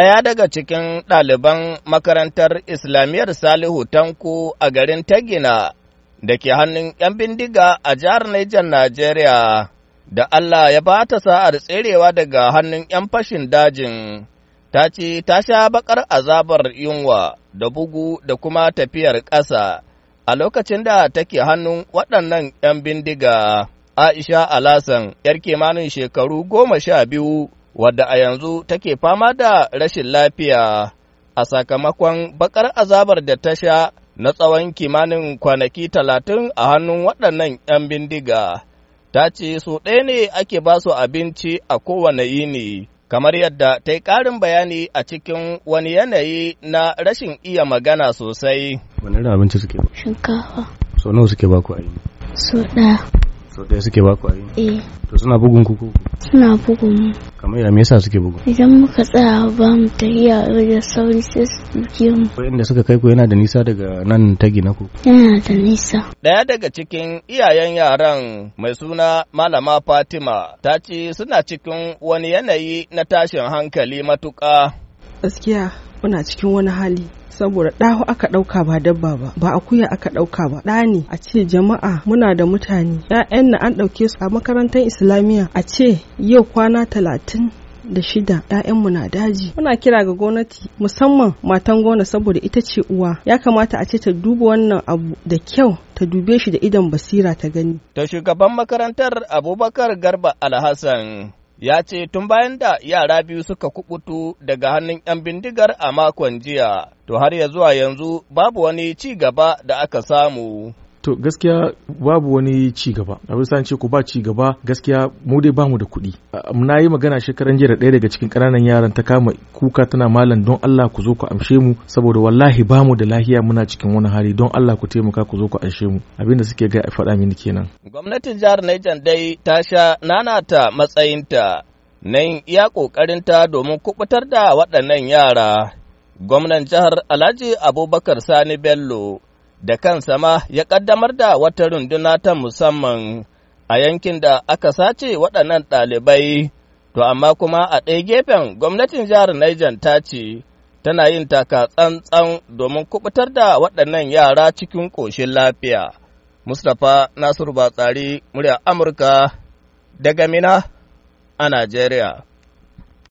Ɗaya daga cikin ɗaliban makarantar Islamiyyar Salihu tanku a garin Tagina da ke hannun ‘yan bindiga a jihar Nijar Najeriya, da Allah ya ba ta sa'ar tserewa daga hannun ‘yan fashin dajin, ta ce ta sha baƙar azabar yunwa da bugu da kuma tafiyar ƙasa a lokacin da take hannun waɗannan ‘yan bindiga. Aisha Alasan, ‘yar kimanin shekaru goma sha biyu, wadda a yanzu take fama da rashin lafiya a sakamakon bakar azabar da ta sha na tsawon kimanin kwanaki talatin a hannun waɗannan 'yan bindiga. Ta ce su ɗaya ne ake ba su abinci a kowane yini, kamar yadda ta yi ƙarin bayani a cikin wani yanayi na rashin iya magana sosai. Wani irin abinci suke ba? Shinkafa. So nawa suke ba ku ayi So ɗaya. So ɗaya suke ba ku ayi Eh. To suna bugun ku ko? Suna bugun mu. kamar ya me yasa suke bugu idan muka tsaya ba mu iya da sauri sai su duke mu inda suka kai ku yana da nisa daga nan ta gina ku yana da nisa daya daga cikin iyayen yaran mai suna malama Fatima ta ce suna cikin wani yanayi na tashin hankali matuƙa gaskiya muna cikin wani hali saboda ɗaho aka ɗauka ba dabba ba ba akuya aka ɗauka ba ɗa ne a ce jama'a muna da mutane 'ya'yan na an ɗauke su a makarantar islamiyya a ce yau kwana talatin da shida mu na daji. Muna kira ga gwamnati musamman matan gona saboda ita ce uwa ya kamata a ce ta duba wannan abu da kyau ta dube shi da idon basira ta gani. Da shugaban makarantar Abubakar Garba Alhassan ya ce tun bayan da yara biyu suka kubutu daga hannun 'yan bindigar a makon jiya, to har ya zuwa yanzu babu wani ci gaba da aka samu. to gaskiya babu wani ci gaba abin sa ce ku ba ci gaba gaskiya mu dai bamu da kuɗi na yi magana shekaran jiya da ɗaya daga cikin ƙananan yaran ta kama kuka tana malam don Allah ku zo ku amshe mu saboda wallahi bamu da lahiya muna cikin wani hali don Allah ku taimaka ku zo ku amshe mu abin da suke ga a faɗa mini kenan gwamnatin jihar Niger dai ta sha nanata matsayinta nan iya ƙoƙarinta domin kubutar da waɗannan yara gwamnan jihar Alhaji Abubakar Sani Bello da kan sama ya ƙaddamar da wata runduna ta musamman a yankin da aka sace waɗannan ɗalibai, to amma kuma a ɗaya gefen gwamnatin jihar Niger ta ce tana yin taka tsantsan domin kubutar da waɗannan yara cikin ƙoshin lafiya. Mustapha Nasiru Batsari, murya Amurka, daga Mina a Najeriya.